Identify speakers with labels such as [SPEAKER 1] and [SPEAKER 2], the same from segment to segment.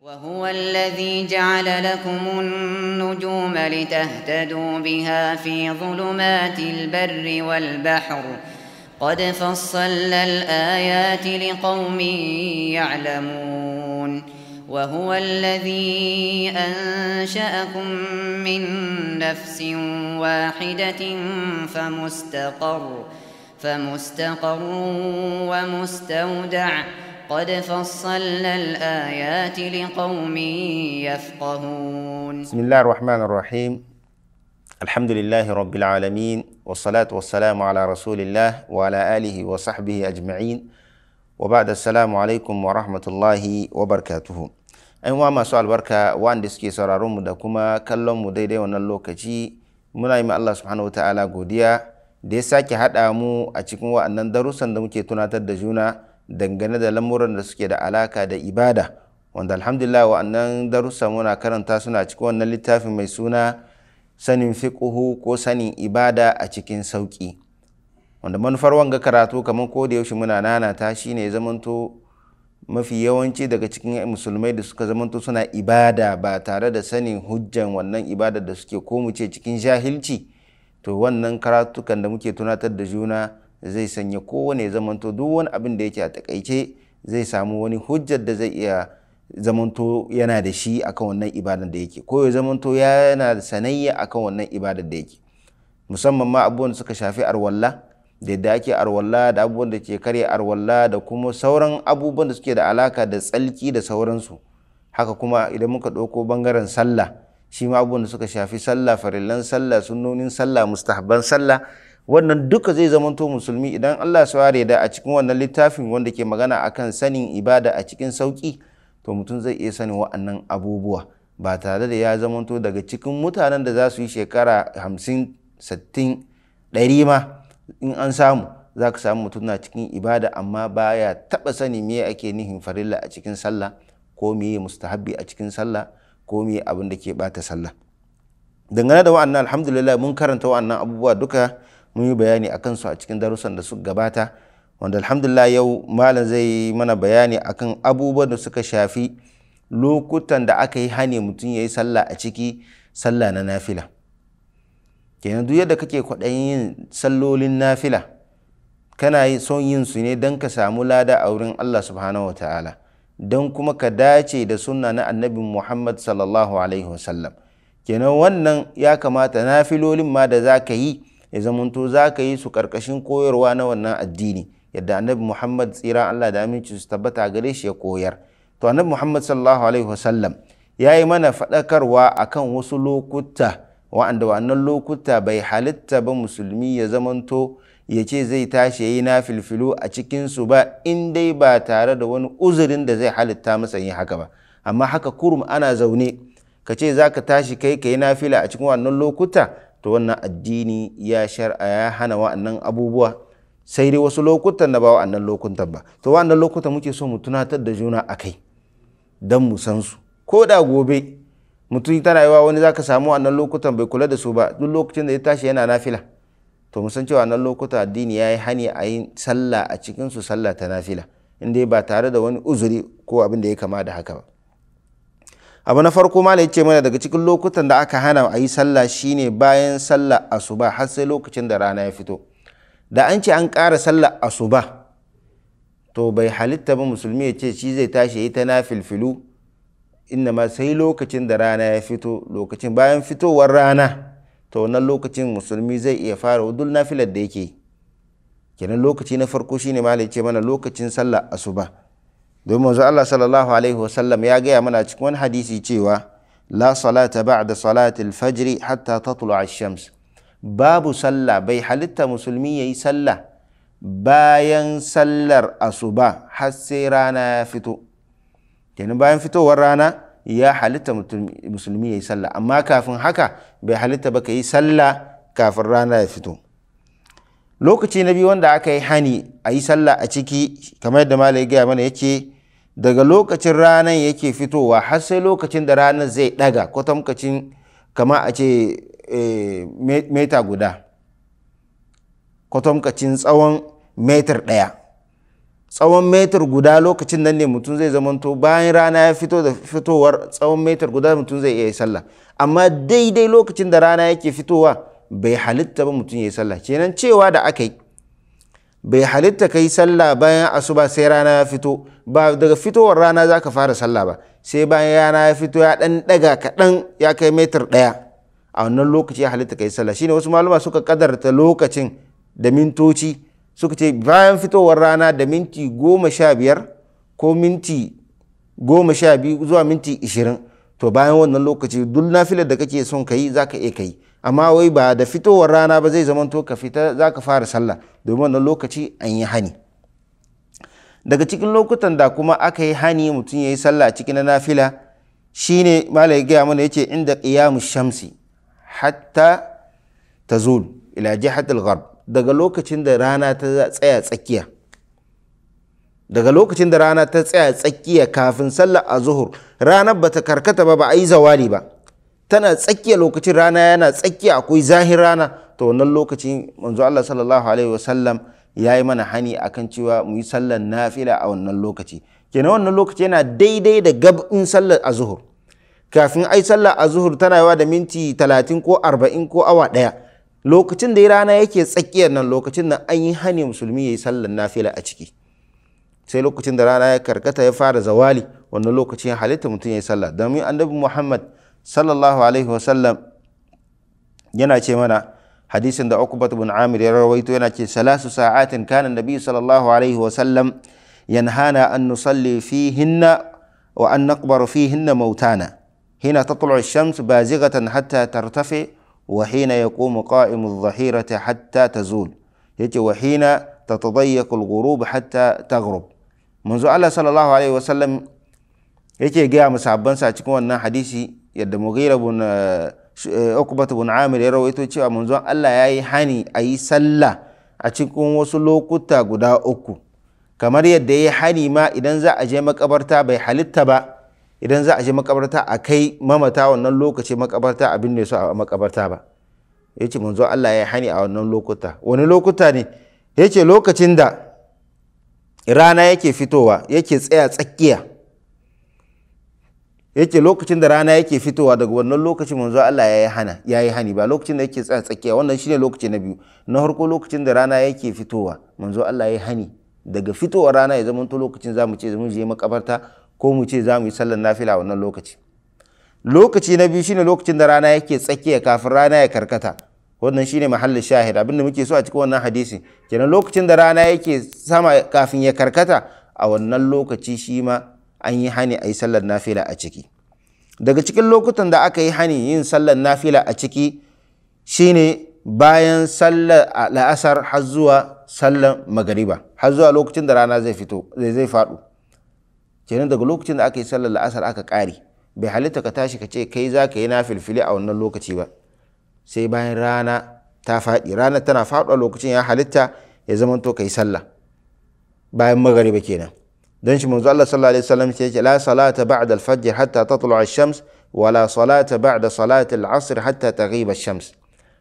[SPEAKER 1] وهو الذي جعل لكم النجوم لتهتدوا بها في ظلمات البر والبحر قد فصلنا الآيات لقوم يعلمون وهو الذي أنشأكم من نفس واحدة فمستقر فمستقر ومستودع ومستودع قد فصلنا الآيات لقوم يفقهون بسم الله الرحمن الرحيم الحمد لله رب العالمين والصلاة والسلام على رسول الله وعلى آله وصحبه أجمعين وبعد السلام عليكم ورحمة الله وبركاته أن واما سؤال بركة وان دسكي سرارون مدكما كلهم مديدي ونالوكتي muna yi Allah subhanahu wa ta'ala godiya da ya sake haɗa mu a cikin waɗannan darussan da muke tunatar da juna dangane da lamuran da suke da alaka da ibada wanda alhamdulillah wa'annan darussa muna karanta suna cikin wannan littafin mai suna sanin fiƙuhu ko sanin ibada a cikin sauƙi wanda manufar wanga karatu kamar ko da yaushe muna nanata shine ya zamanto mafi yawanci daga cikin musulmai da suka zamanto suna ibada ba tare da sanin hujjan wannan ibada da suke ko mu ce cikin jahilci to wannan karatukan da muke tunatar da juna zai sanya kowane zamanto duk wani abin da yake a takaice zai samu wani hujjar da zai iya zamanto yana da shi akan wannan ibadar da yake ko ya zamanto yana da sanayya akan wannan ibadar da yake musamman ma abubuwan suka shafi arwalla da yadda ake arwalla da abubuwan da ke karya arwalla da kuma sauran abubuwan da suke da alaka da tsalki da sauransu haka kuma idan muka ɗauko bangaren sallah shi ma abubuwan da suka shafi sallah farillan sallah sunnonin sallah mustahabban sallah wannan duka zai zamanto musulmi idan Allah ya da a cikin wannan littafin wanda ke magana akan sanin ibada a cikin sauki to mutum zai iya sanin wa'annan abubuwa ba tare da ya zamanto daga cikin mutanen da za su yi shekara hamsin 60 ɗari ma in an samu za ka samu mutum na cikin ibada amma baya taɓa sani me ake nihin farilla a cikin sallah ko me mustahabbi a cikin sallah ko me abin da ke bata sallah dangane da wa'annan alhamdulillah mun karanta wa'annan abubuwa duka mun yi bayani a kansu a cikin darussan da suka gabata wanda alhamdulillah yau malam zai yi mana bayani a kan abubuwan da suka shafi lokutan da aka yi hane mutum ya yi sallah a ciki sallah na nafila kenan duk yadda kake kwaɗayin yin sallolin nafila kana son yin su ne don ka samu lada a wurin Allah subhanahu wa ta'ala don kuma ka dace da sunna na annabi Muhammad sallallahu alaihi wasallam kenan wannan ya kamata nafilolin ma da za ka yi ya zamanto za ka yi su ƙarƙashin koyarwa na wannan addini yadda annabi muhammad tsira allah da aminci su tabbata gare shi ya koyar to annabi muhammad sallallahu alaihi wasallam ya yi mana faɗakarwa kan wasu lokuta wa'anda wannan lokuta bai halitta ba musulmi ya zamanto ya ce zai tashi ya yi na filfilo a cikinsu ba in dai ba tare da wani uzurin da zai halitta masa yin haka ba amma haka kurum ana zaune ka ce za ka tashi kai ka yi na fila a cikin wannan lokuta to wannan addini ya shar'a ya hana wa'annan abubuwa sai dai wasu lokutan da ba wa'annan lokutan ba to wa'annan lokutan muke so mu tunatar da juna a kai don mu san su ko da gobe mutum ta rayuwa wani za ka samu wa'annan lokutan bai kula da su ba duk lokacin da ya tashi yana nafila to mu san cewa nan lokuta addini ya yi hani a yin sallah a cikinsu sallah ta nafila in dai ba tare da wani uzuri ko abin da ya kama da haka ba abu na farko ma ce mana daga cikin lokutan da aka hana a yi sallah shine bayan sallah asuba har sai lokacin da rana ya fito da an ce an kara sallah asuba to bai halitta ba musulmi ya ce shi zai tashi ya yi ta nafilfilu inna ma sai lokacin da rana ya fito lokacin bayan fitowar rana to wannan lokacin musulmi zai iya fara wudul nafilar da yake kenan lokaci na farko shine malai ce mana lokacin sallah asuba don manzo Allah sallallahu alaihi wasallam ya gaya mana cikin wani hadisi cewa la salata ba'da salati al-fajr hatta tatlu ash-shams babu sallah bai halitta musulmi yayi sallah bayan sallar asuba har sai rana ya fito kenan bayan fitowar rana ya halitta musulmi yayi sallah amma kafin haka bai halitta ba ka yi sallah kafin rana ya fito lokaci na biyu wanda aka yi hani a yi sallah a ciki kamar yadda malai gaya mana yake daga lokacin ranar yake fitowa har sai lokacin da ranar zai daga tamkacin kama a ce eh, meta guda tamkacin tsawon metar ɗaya tsawon metar guda lokacin nan ne mutum zai zamanto bayan rana ya fito da fitowar tsawon metar guda mutum zai iya sallah amma daidai lokacin da rana yake fitowa bai halitta ba mutum ya yi sallah kenan cewa da aka yi bai halitta kai sallah bayan asuba sai rana ya fito ba daga fitowar rana za ka fara sallah ba sai bayan rana ya fito ya dan daga kaɗan ya kai metar ɗaya a wannan lokaci ya halitta kai sallah shine wasu maluma suka kadarta lokacin da mintoci suka ce bayan fitowar rana da minti goma sha biyar ko minti goma sha biyu zuwa minti ishirin to bayan wannan lokaci duk nafilar da kake son ka yi za ka iya ka yi amma wai ba da fitowar rana ba zai zamanto ka fita za ka fara sallah domin wannan lokaci an yi hani daga cikin lokutan da kuma aka yi hani mutum ya yi sallah cikin na nafila shine mala ya gaya mana yace inda qiyamu shamsi hatta tazul ila jihatil gharb daga lokacin da rana ta tsaya tsakiya daga lokacin da rana ta tsaya tsakiya kafin sallah a zuhur ranar bata karkata ba ba a yi zawali ba tana tsakiya lokacin rana yana tsakiya akwai zahir rana to wannan lokacin manzo Allah sallallahu alaihi wasallam ya yi mana hani akan cewa mu yi sallar nafila a wannan lokaci kenan wannan lokaci yana daidai da gabin sallar zuhur kafin ai sallar zuhur tana yawa da minti 30 ko 40 ko awa daya lokacin da rana yake tsakiyar nan lokacin nan an yi hani musulmi ya yi sallar nafila a ciki sai lokacin da rana ya karkata ya fara zawali wannan lokacin halitta mutum ya yi sallah domin annabi muhammad sallallahu alaihi wasallam yana ce mana hadisin da Uqbat bin Amir ya rawaito yana ce salasu sa'atin kana nabi sallallahu alaihi wasallam yanhana an nusalli fihinna wa an naqbaru fihinna mautana hina tatlu ash-shams bazighatan hatta tartafi wa hina yaqumu qa'imu adh-dhahirati hatta tazul yace wa hina tatadayyaku al-ghurub hatta taghrub manzo Allah sallallahu alaihi wasallam yake gaya musabbansa cikin wannan hadisi yadda mughira bin eh, ukbatu eh, bin amir ya rawaito cewa manzon Allah ya hani a yi sallah a cikin wasu lokuta guda uku kamar yadda yayi hani ma idan za a je makabarta bai halitta ba idan za a je makabarta a kai mamata wannan lokaci makabarta abin ne so a makabarta ba ya ce manzo Allah ya hani a wannan lokuta wani lokuta ne ya ce lokacin da rana yake fitowa yake tsaya tsakiya yake lokacin da rana yake fitowa daga wannan lokacin manzo Allah ya yi hana ya yi hani ba lokacin da yake tsaya tsakiya wannan shine lokaci na biyu na harko lokacin da rana yake fitowa manzo Allah ya yi hani daga fitowar rana ya zama lokacin zamu ce mu je makabarta ko mu ce zamu yi sallar nafila wannan lokaci lokaci na biyu shine lokacin da rana yake tsakiya kafin rana ya karkata wannan shine mahallin shahid abinda muke so a cikin wannan hadisi kenan lokacin da rana yake sama kafin ya karkata a wannan lokaci shi ma an yi hani a yi sallar nafila a ciki daga cikin lokutan da aka yi hani yin sallar nafila a ciki shine bayan sallar la'asar har zuwa sallar magariba har zuwa lokacin da rana zai fito zai faɗo kenan daga lokacin da aka yi sallar la'asar aka ƙare bai halitta ka tashi ka ce kai za ka yi na a wannan lokaci ba sai bayan rana ta faɗi rana tana faɗuwa lokacin ya halitta ya zama to ka yi sallah bayan magariba kenan دنش من الله صلى الله عليه وسلم تيجي لا صلاة بعد الفجر حتى تطلع الشمس ولا صلاة بعد صلاة العصر حتى تغيب الشمس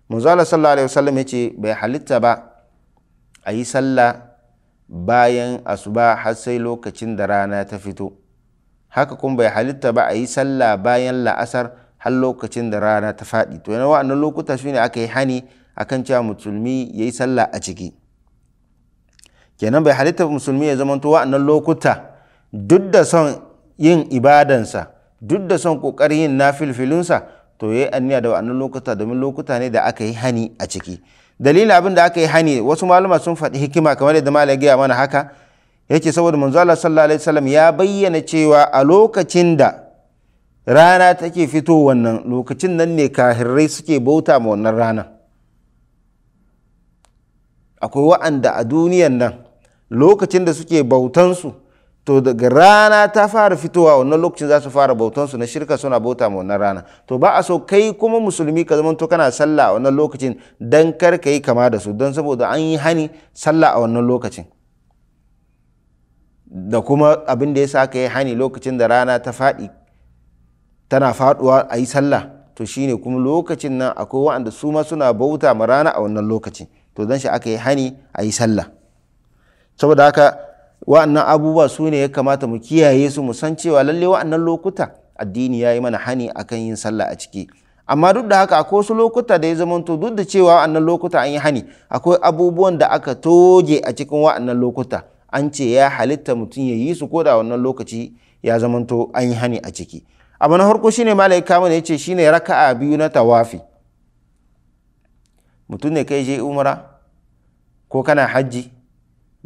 [SPEAKER 1] من الله صلى الله عليه وسلم تيجي بحل التبع أي صلاة باين أصبح حسي لو كتشن درانا تفتو هكا كن بحل التبع أي صلاة باين لا أسر هل كتشن درانا تفاتي توينا وأن لو كتشفين أكي حاني أكن تشا مسلمي يسلى أجيكي kenan bai halitta musulmi ya zama tuwa wa'annan lokuta duk da son yin ibadansa duk da son kokarin yin nafilfilinsa to ya yi anniya da wa'annan lokuta domin lokuta ne da aka yi hani a ciki dalilin abin da aka yi hani wasu malama sun faɗi hikima kamar yadda malam gaya mana haka yace saboda manzo sallallahu alaihi wasallam ya bayyana cewa a lokacin da rana take fito wannan lokacin nan ne kahirrai suke bauta ma wannan rana akwai wa'anda a duniyan nan lokacin da suke bautansu to daga rana ta fara fitowa wannan lokacin za su fara bautansu na shirka suna bauta ma wannan rana to ba a so kai kuma musulmi ka zama to kana sallah a wannan lokacin dan kar ka yi kama da su don saboda an yi hani sallah a wannan lokacin da kuma abin da ya sa ka yi hani lokacin da rana ta faɗi tana faduwa a yi sallah to shine kuma lokacin nan akwai waɗanda su ma suna bauta ma rana a wannan lokacin to dan shi aka yi hani a yi sallah saboda haka wa'annan abubuwa su ne ya kamata mu kiyaye su mu san cewa lalle wa'annan lokuta addini ya yi mana hani akan yin sallah a ciki amma duk da haka akwai wasu lokuta da ya zamanto duk da cewa wa'annan lokuta an yi hani akwai abubuwan da aka toge a cikin wa'annan lokuta an ce ya halitta mutum ya yi su ko da wannan lokaci ya zamanto an yi hani a ciki abu na farko shine malai kama ne ce shine raka'a biyu na tawafi mutum ne kai je umra ko kana hajji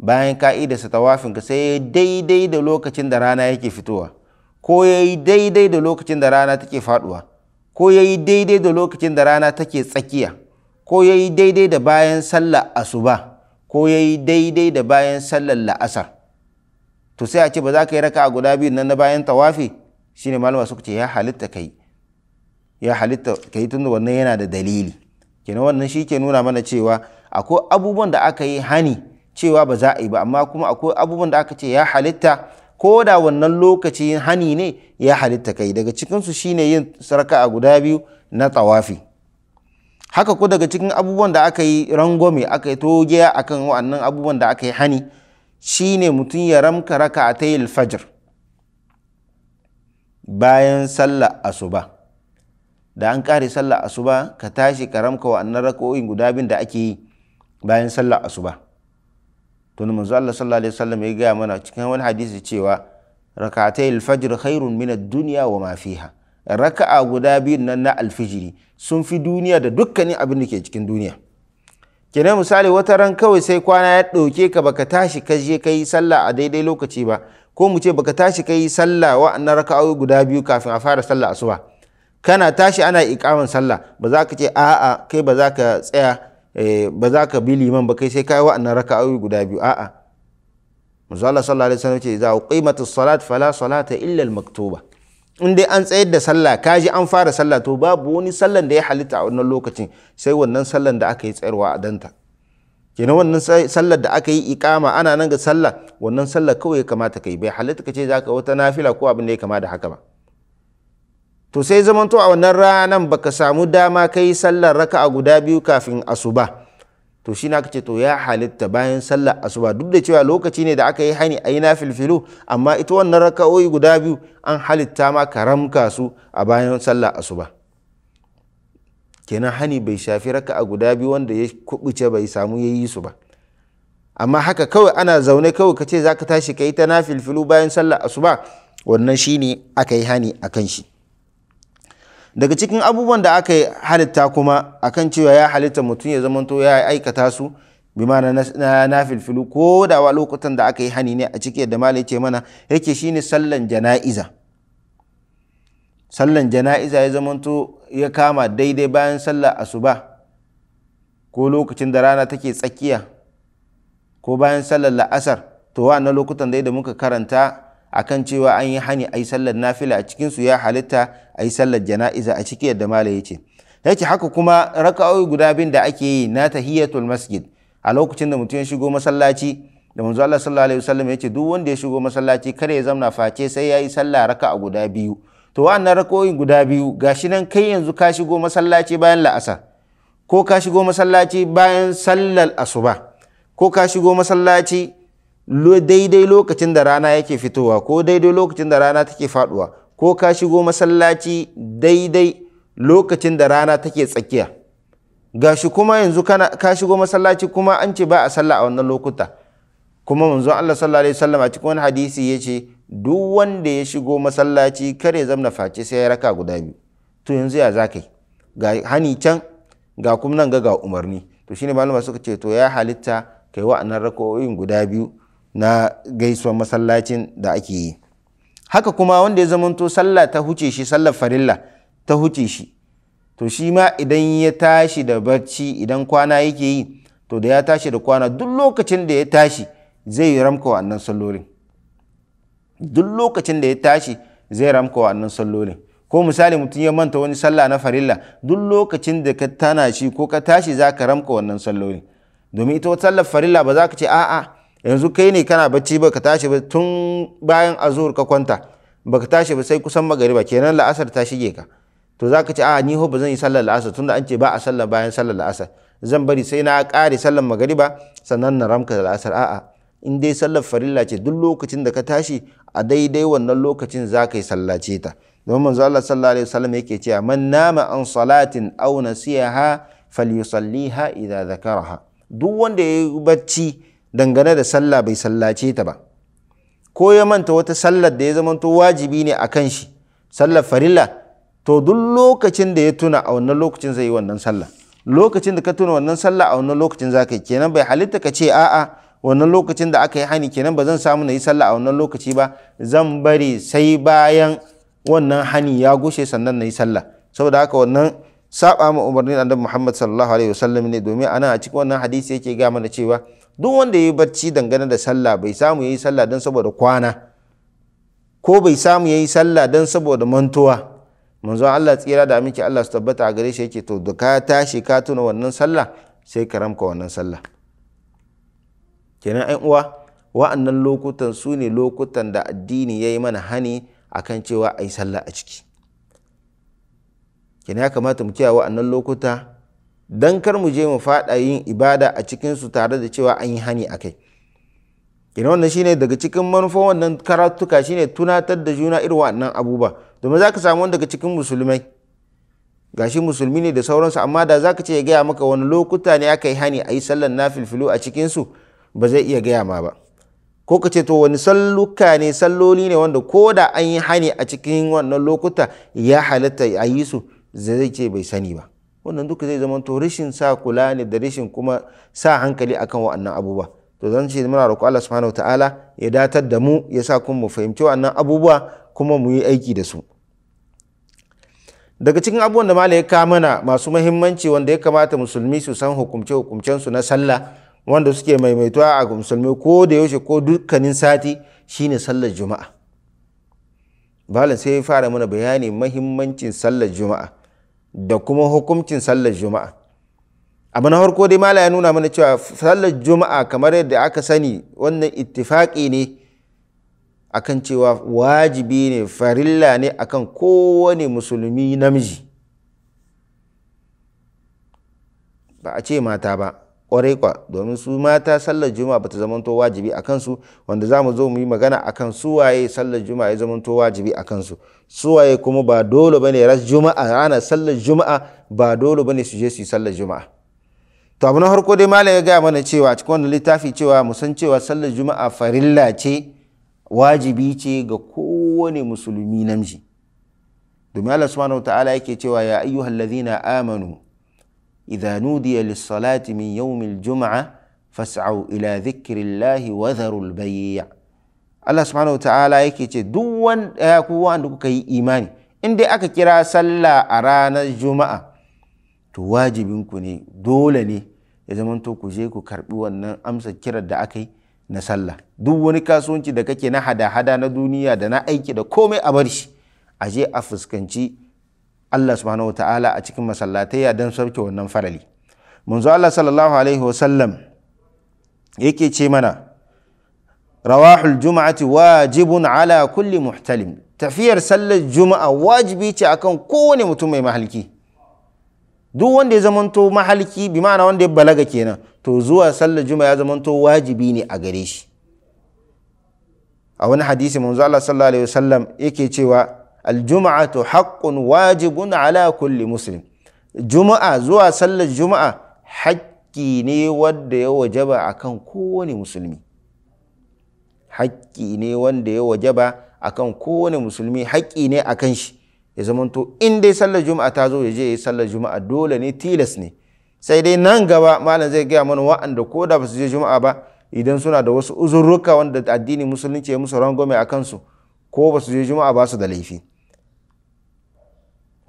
[SPEAKER 1] bayan ka'idarsa sa tawafin ka sai daidai da lokacin da rana yake fitowa ko yayi daidai da lokacin da rana take faduwa ko yayi daidai da lokacin da rana take tsakiya ko yayi daidai da bayan sallar asuba ko yayi daidai da bayan sallar la'asar to sai a ce ba za ka yi raka a guda biyu nan na bayan tawafi shine malama suka ce ya halitta kai ya halitta kai tunda wannan yana da dalili kenan wannan shi ke nuna mana cewa akwai abubuwan da aka yi hani cewa ba za a yi ba amma kuma akwai abubuwan da aka ce ya halitta ko da wannan lokaci hani ne ya halitta kai daga cikinsu shine yin sarka a guda biyu na tsawafi haka ko daga cikin abubuwan da aka yi rangwami aka yi togiya akan wa'annan abubuwan da aka yi hani shine mutum ya ramka raka a ta fajr bayan sallah asuba da an kare sallah asuba ka tashi ka ramka wa'annan raka'o'in guda biyun da ake yi bayan sallah asuba to manzo Allah sallallahu alaihi wasallam ya gaya mana cikin wani hadisi cewa rakatai alfajr khairun min ad-dunya wa ma fiha raka'a guda biyu nan na alfijiri sun fi duniya da dukkanin abin da ke cikin duniya kenan misali wata ran kawai sai kwana ya dauke ka baka tashi ka je ka sallah a daidai lokaci ba ko mu ce baka tashi ka yi sallah wa'annan raka'o'i guda biyu kafin a fara sallah asuba kana tashi ana iƙamin sallah ba za ka ce a'a kai ba za ka tsaya Eh, ba za ka bi liman ba kai sai kai wa'annan raka'o'i guda biyu a'a manzo Allah sallallahu alaihi wasallam ce za qimatu salat fala salata illa al maktuba in dai an tsayar da sallah kaji an fara sallah to babu wani sallan da ya halitta a wannan lokacin sai wannan sallan da aka yi tsayarwa a danta kenan wannan sallar da aka yi ikama ana nan ga sallah wannan sallar kawai ya kamata kai bai halitta ka ce za ka wata nafila ko abin da ya kama da haka ba to sai zamanto a wannan ranan baka samu dama kai sallar a guda biyu kafin asuba to shi na kace to ya halitta bayan sallar asuba duk da cewa lokaci ne da aka yi hani a yi na filfilo amma ita wannan raka'o'i guda biyu an halitta ma karamka su a bayan sallar asuba kenan hani bai shafi raka a guda biyu wanda ya kubuce bai samu ya yi su ba amma haka kawai ana zaune kawai ka kace ka tashi ka yi ta na filfilu bayan sallar asuba wannan shi ne aka yi hani a kan shi daga cikin abubuwan da aka halitta kuma akan cewa ya halitta mutum ya zamanto ya aikata su bi mana na filfilu ko da wa lokutan da aka yi hani ne a ciki da malai ce mana yake shine sallan jana'iza sallan jana'iza ya zamanto ya kama daidai bayan sallar asuba ko lokacin da rana take tsakiya ko bayan sallar la'asar to wa na lokutan da muka karanta akan cewa an yi hani a yi sallar nafila a cikinsu ya halitta a yi sallar jana'iza a ciki yadda mala ya ce yake haka kuma raka'o'i guda bin da ake yi na tahiyatul masjid a lokacin da mutum ya shigo masallaci da manzo Allah sallallahu alaihi wasallam ya ce duk wanda ya shigo masallaci kar ya zamna face sai ya yi sallah raka'a guda biyu to wa'annan raka'o'i guda biyu gashi nan kai yanzu ka shigo masallaci bayan la'asar ko ka shigo masallaci bayan sallar asuba ko ka shigo masallaci daidai lokacin da rana yake fitowa ko daidai lokacin da rana take faduwa ko ka shigo masallaci daidai lokacin da rana take tsakiya gashi kuma yanzu ka shigo masallaci kuma an ce ba a sallah a wannan lokuta kuma manzo Allah sallallahu alaihi wasallam a cikin wani hadisi yace duk wanda ya shigo masallaci kare zamna face sai ya raka guda biyu to yanzu ya zakai ga hani can ga kuma nan ga ga umarni to shine malama suka ce to ya halitta kai wa'annan rako'o'in guda biyu na gaisuwar masallacin da ake yi haka kuma wanda ya zamanto sallah ta huce shi sallar farilla ta huce shi to shi ma idan ya tashi da barci idan kwana yake yi to da ya tashi da kwana duk lokacin da ya tashi zai ramka wannan sallolin duk lokacin da ya tashi zai ramka wannan sallolin ko misali mutum ya manta wani sallah na farilla duk lokacin da ka tana shi ko ka tashi za ka ramka wannan sallolin domin ita wata sallar farilla ba za ka ce a'a yanzu kai ne kana bacci ka tashi ba tun bayan azur ka kwanta baka tashi ba sai kusan magariba kenan la'asar ta shige ka to zaka ci a ni ho ba zan yi sallar la'asar tunda an ce ba a sallar bayan sallar la'asar zan bari sai na kare sallar magariba sannan na ramka la'asar a'a in dai sallar farilla ce duk lokacin da ka tashi a daidai wannan lokacin za ka yi sallace ta don manzo Allah sallallahu alaihi wasallam yake cewa man nama an salatin aw nasiyaha falyusalliha idza zakaraha duk wanda ya yi bacci dangane da sallah bai sallace ta ba ko ya manta wata sallar da ya zamanto wajibi ne a kan shi sallar farilla to duk lokacin da ya tuna a wannan lokacin zai yi wannan sallah lokacin da ka tuna wannan sallah a wannan lokacin za ka yi kenan bai halitta ka ce a'a wannan lokacin da aka yi hani kenan ba zan samu na yi sallah a wannan lokaci ba zan bari sai bayan wannan hani ya gushe sannan na yi sallah saboda haka wannan saba mu umarnin annabi Muhammad sallallahu alaihi wasallam ne domin ana a cikin wannan hadisi yake ga mana cewa duk wanda yayi barci dangane da sallah bai samu yayi sallah dan saboda kwana ko bai samu yayi sallah dan saboda mantuwa manzo Allah tsira da miki Allah su tabbata a gare shi yake to da ka tashi ka tuna wannan sallah sai ka ramka wannan sallah kenan ai uwa wa'annan lokutan su ne lokutan da addini ya yi mana hani akan cewa ai sallah a ciki kenan ya kamata mu kiyaye wa'annan lokuta dan kar mu je mu fada yin ibada a cikin su tare da cewa an yi hani akai kenan wannan shine daga cikin manufan wannan karatuka shine tunatar da juna irin wa'annan abubuwa domin zaka samu wani daga cikin musulmai gashi musulmi ne da sauransu amma da zaka ce ya gaya maka wani lokuta ne aka yi hani a yi sallan nafilfilu a cikin su ba zai iya gaya ma ba ko ka ce to wani salluka ne salloli ne wanda ko da an yi hani a cikin wannan lokuta ya halatta a yi su zai ce bai sani ba wannan duka zai zama to rashin sa kula ne da rashin kuma sa hankali akan wa'annan abubuwa to zan ce muna roƙo Allah subhanahu ta'ala ya datar da mu ya sa kuma mu fahimci wa'annan abubuwa kuma mu yi aiki da su daga cikin abubuwan da malai ya ka mana masu muhimmanci wanda ya kamata musulmi su san hukumce hukumcen su na sallah wanda suke maimaituwa a musulmi ko da yaushe ko dukkanin sati shine sallar juma'a balan sai ya fara mana bayani muhimmancin sallar juma'a da kuma hukuncin sallar juma'a abu na farko dai mala ya nuna mana cewa sallar juma'a kamar yadda aka sani wannan ittifaki ne akan cewa wajibi ne farilla ne akan kowane musulmi namiji ba a ce mata ba kwarai kwa domin su mata sallar juma'a bata zamanto wajibi a kansu wanda za mu zo mu yi magana akan suwaye sallar juma'a ya zamanto wajibi a kansu suwaye kuma ba dole bane ras juma'a ranar sallar juma'a ba dole bane su je su yi sallar juma'a to abu na farko dai malam ya gaya mana cewa cikin wannan littafi cewa mu san cewa sallar juma'a farilla ce wajibi ce ga kowane musulmi namiji domin Allah subhanahu ta'ala yake cewa ya ayyuhallazina amanu idza nudiya salati min yawmil juma'a fas'au ila zikirillahi wa dharul Allah subhanahu ta'ala yake ce duk wanda ku wanda kuka yi imani in dai aka kira sallah a ranar juma'a to wajibinku ku ne dole ne ya zamanto ku je ku karbi wannan amsa kirar da aka yi na sallah duk wani kasuwanci da kake na hada-hada na duniya da na aiki da komai a bar shi a je a fuskanci Allah subhanahu ta'ala a cikin masallatai don sauke wannan farali munzo Allah sallallahu alaihi wasallam yake ce mana rawahul juma'ati wajibun ala kulli muhtalim tafiyar sallar juma'a wajibi ce akan kowane mutum mai mahalki duk wanda ya zamanto mahalki bi ma'ana wanda ya balaga kenan to zuwa sallar juma'a ya zamanto wajibi ne a gare shi a wani hadisi manzo Allah sallallahu alaihi wasallam yake cewa to haqqun wajibun ala kulli muslim juma'a zuwa sallar juma'a hakki ne wanda ya wajaba akan kowane musulmi hakki wajaba akan kowane musulmi hakki ne akan shi ya zamanto in dai sallar juma'a ta zo ya je ya sallar juma'a dole ne tilas ne sai dai nan gaba malam zai gaya mana wa'anda ko da ba su je juma'a ba idan suna da wasu uzurruka wanda addini musulunci ya musu rangwame a kansu ko ba su je juma'a ba su da laifi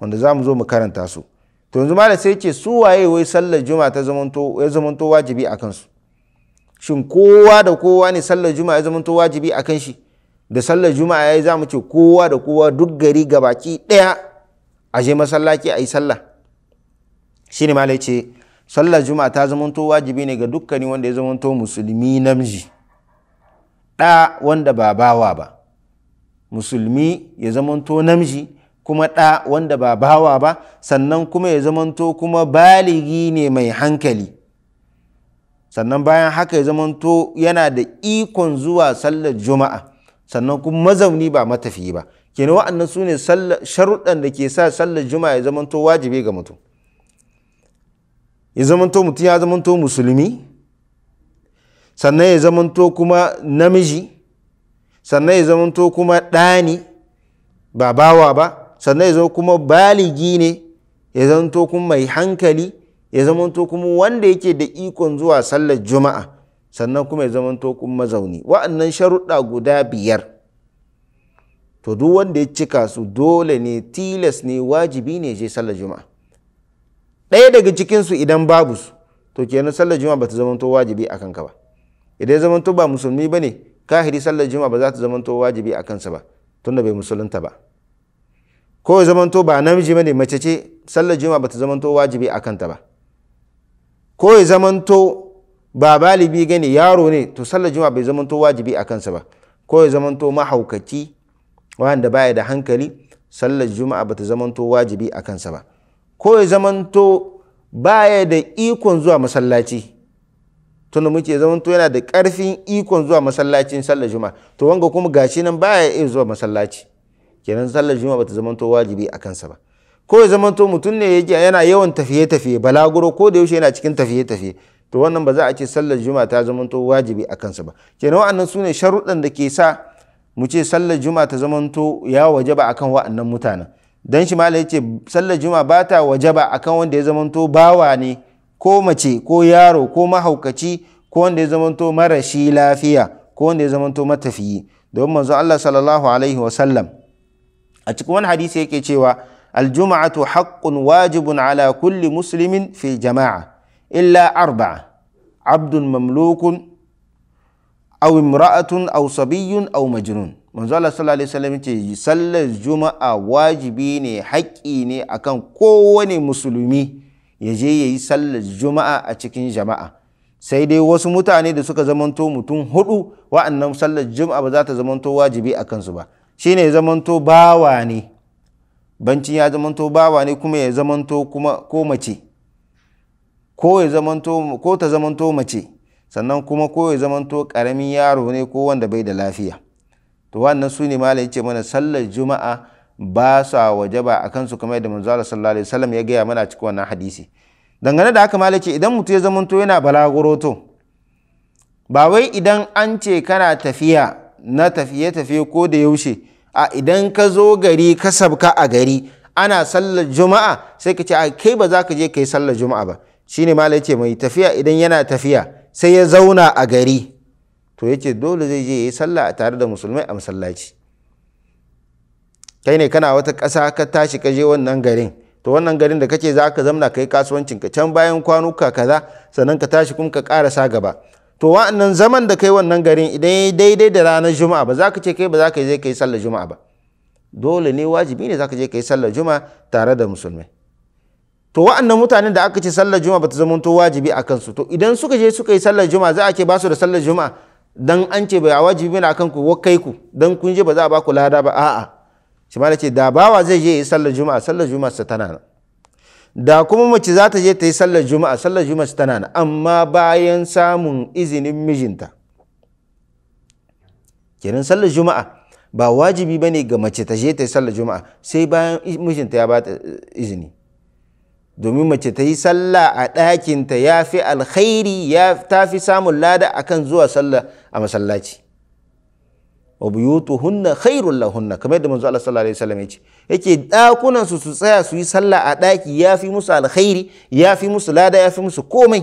[SPEAKER 1] wanda za mu zo mu karanta su to yanzu malam sai ce su waye wai sallar juma'a ta zamanto ya zamanto wajibi a kansu shin kowa da kowa ne sallar juma'a ya zamanto wajibi a kan shi da sallar juma'a yayi za mu ce kowa da kowa duk gari gabaki daya a je masallaci a yi sallah shine malam ce sallar juma'a ta zamanto wajibi ne ga dukkanin wanda ya zamanto musulmi namiji ɗa wanda ba bawa ba musulmi ya zamanto namiji kuma ɗa wanda ba bawa ba sannan kuma ya zamanto kuma baligi ne mai hankali sannan bayan haka ya zamanto yana da ikon zuwa sallar juma'a sannan kuma mazauni ba matafiyi ba kenan wa'annan su ne sharuɗan da ke sa sallar juma'a ya zamanto wajibi ga mutum ya zamanto mutum ya zamanto musulmi sannan ya zamanto kuma namiji sannan ya zamanto kuma ɗani ba bawa ba sannan ya zo kuma baligi ne ya zanto kuma mai hankali ya zamanto kuma wanda yake da ikon zuwa sallar juma'a sannan kuma ya zamanto kuma mazauni wa'annan sharuɗa guda biyar to duk wanda ya cika su dole ne tilas ne wajibi ne je sallar juma'a ɗaya daga cikinsu idan babu su to kenan sallar juma'a ba ta zamanto wajibi a kanka ba idan ya zamanto ba musulmi ba ne kahiri sallar juma'a ba za ta zamanto wajibi a kansa ba tunda bai musulunta ba ko zamanto ba namiji bane mace ce sallar juma'a bata zamanto wajibi a kanta ba ko ya zamanto ba balibi gane yaro ne to sallar juma'a bai zamanto wajibi a kansa ba ko ya zamanto mahaukaci wanda baya da hankali sallar juma'a bata zamanto wajibi a kansa ba ko ya zamanto baya da ikon zuwa masallaci tunda muke zamanto yana da ƙarfin ikon zuwa masallacin sallar juma'a to wanga kuma gashi nan baya iya zuwa masallaci kenan sallar juma'a bata zamanto wajibi a kansa ba ko ya zamanto mutum ne yana yawan tafiye-tafiye balaguro ko da yaushe yana cikin tafiye-tafiye to wannan ba za a ce sallar juma'a ta zamanto wajibi a kansa ba kenan wa'annan sune sharuɗan da ke sa mu ce sallar juma'a ta zamanto ya wajaba akan wa'annan mutanen dan shi malai ce sallar juma'a ba ta wajaba akan wanda ya zamanto bawa ne ko mace ko yaro ko mahaukaci ko wanda ya zamanto marashi lafiya ko wanda ya zamanto matafiyi domin manzo Allah sallallahu alaihi wa sallam a cikin wani hadisi yake cewa aljuma'atu haqqun wajibun ala kulli muslimin fi jama'a illa arba abdun mamlukun aw imra'atun aw sabiyyun aw majnun manzo Allah sallallahu alaihi wasallam ce sallar juma'a wajibi ne haƙƙi ne akan kowane musulmi ya je ya sallar juma'a a cikin jama'a sai dai wasu mutane da suka zamanto mutum hudu wa'annan sallar juma'a ba za ta zamanto wajibi a kansu ba Shi ne zamanto bawa ne bancin ya zamanto bawa ne kuma ya zamanto kuma ko mace ko ya zamanto ko ta zamanto mace sannan kuma ko ya zamanto karamin yaro ne ko wanda bai da lafiya to wannan su ne malai ce mana sallar juma'a ba sa wajaba a kansu kamar yadda manzo Allah sallallahu alaihi wasallam ya gaya mana cikin wannan hadisi dangane da haka malai ce idan mutum ya zamanto yana balaguro to ba wai idan an ce kana tafiya na tafiye-tafiye ko da yaushe a idan ka zo gari ka sabka a gari ana sallar juma'a sai ka ce a kai ba za ka je ka yi sallar juma'a ba shine malai ce mai tafiya idan yana tafiya sai ya zauna a gari to yace dole zai je ya yi sallah tare da musulmai a masallaci kai ne kana wata ƙasa ka tashi ka je wannan garin to wannan garin da kace za ka zamna ka yi kasuwancin ka can bayan kwanuka kaza sannan ka tashi kuma ka ƙarasa gaba to wa'annan zaman da kai wannan garin idan ya daidai da ranar juma'a ba za ka ce kai ba za ka je kai sallar juma'a ba dole ne wajibi ne za ka je kai sallar juma'a tare da musulmai to wa'annan mutanen da aka ce sallar juma'a ba ta zama to wajibi a kansu to idan suka je suka yi sallar juma'a za a ke ba su da sallar juma'a dan an ce bai a wajibi ne akan ku kai ku dan kun je ba za a ba ku lada ba a'a shi ma ce da bawa zai je yi sallar juma'a sallar juma'a sa tana da kuma mace za ta je ta yi sallar juma'a sallar juma'a tana nan amma bayan samun izinin mijinta kenan sallar juma'a ba wajibi ba ne ga mace ta je ta yi sallar juma'a sai bayan mijinta ya ba ta eh, izini domin mace ta yi sallah a ɗakinta ya fi alkhairi ya ta fi samun lada akan zuwa sallah a masallaci wa hunna khairul lahunna kamar yadda manzo Allah sallallahu alaihi wasallam yace yake dakunan su su tsaya su yi sallah a daki yafi musu alkhairi yafi musu lada yafi musu komai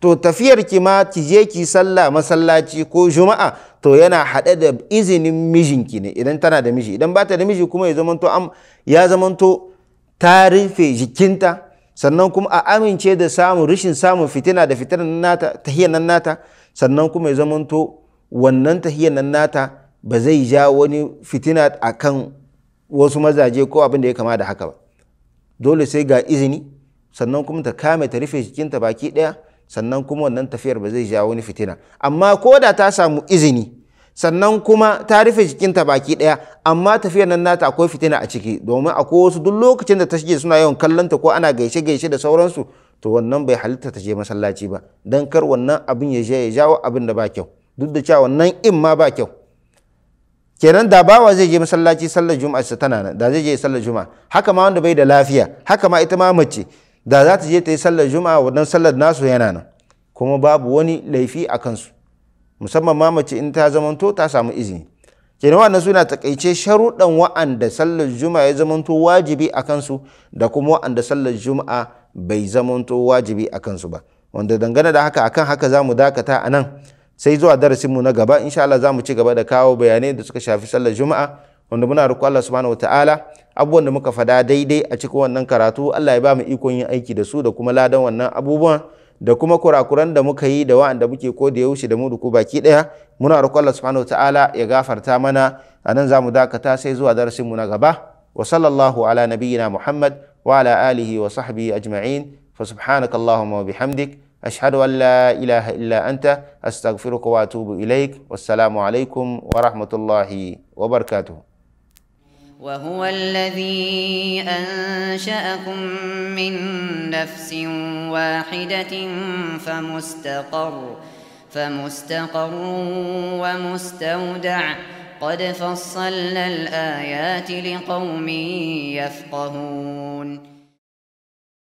[SPEAKER 1] to tafiyar ki ma ki je ki sallah masallaci ko juma'a to yana hade da izinin mijinki ne idan tana da miji idan bata da miji kuma ya zamanto am ya zamanto ta rufe jikinta sannan kuma a amince da samun rashin samun fitina da fitinan nata tahiyyan nata sannan kuma ya zamanto wannan tahiyyar nan nata ba zai ja wani fitina a kan wasu mazaje ko abin da ya kama da haka ba dole sai ga izini sannan kuma ta kame ta rufe jikinta baki ɗaya sannan kuma wannan tafiyar ba zai ja wani fitina amma ko da ta samu izini sannan kuma ta rufe jikinta baki ɗaya amma tafiyar nan nata akwai fitina a ciki domin akwai wasu duk lokacin da ta shige suna yawan kallonta ko ana gaishe gaishe da sauransu to wannan bai halitta ta je masallaci ba don kar wannan abin ya je ya jawo abin da ba kyau duk da cewa wannan in ma ba kyau kenan da bawa zai je masallaci sallar juma'a su tana nan da zai je sallar juma'a haka ma wanda bai da lafiya haka ma ita ma mace da za ta je ta yi sallar juma'a wannan sallar nasu yana nan kuma babu wani laifi a kansu musamman ma mace in ta zamanto ta samu izini kenan wannan suna takaice sharuɗan wa'anda sallar juma'a ya zamanto wajibi a kansu da kuma wa'anda sallar juma'a bai zamanto wajibi a kansu ba wanda dangane da haka akan haka za mu dakata anan. sai zuwa darasinmu na gaba insha Allah za mu ci gaba da kawo bayanai da suka shafi sallar juma'a wanda muna roƙo Allah subhanahu wataala abubuwan da muka fada daidai a cikin wannan karatu Allah ya ba mu ikon yin aiki da su da kuma ladan wannan abubuwan da kuma kurakuran da muka yi da wa'anda muke ko da yaushe da mu da ku baki daya muna roƙo Allah subhanahu wataala ya gafarta mana a za zamu dakata sai zuwa darasin mu na gaba wa sallallahu ala nabiyyina Muhammad wa ala alihi wa sahbihi ajma'in fa subhanakallahumma wa bihamdik أشهد أن لا إله إلا أنت أستغفرك وأتوب إليك والسلام عليكم ورحمة الله وبركاته وهو الذي أنشأكم من نفس واحدة فمستقر فمستقر ومستودع قد فصلنا الآيات لقوم يفقهون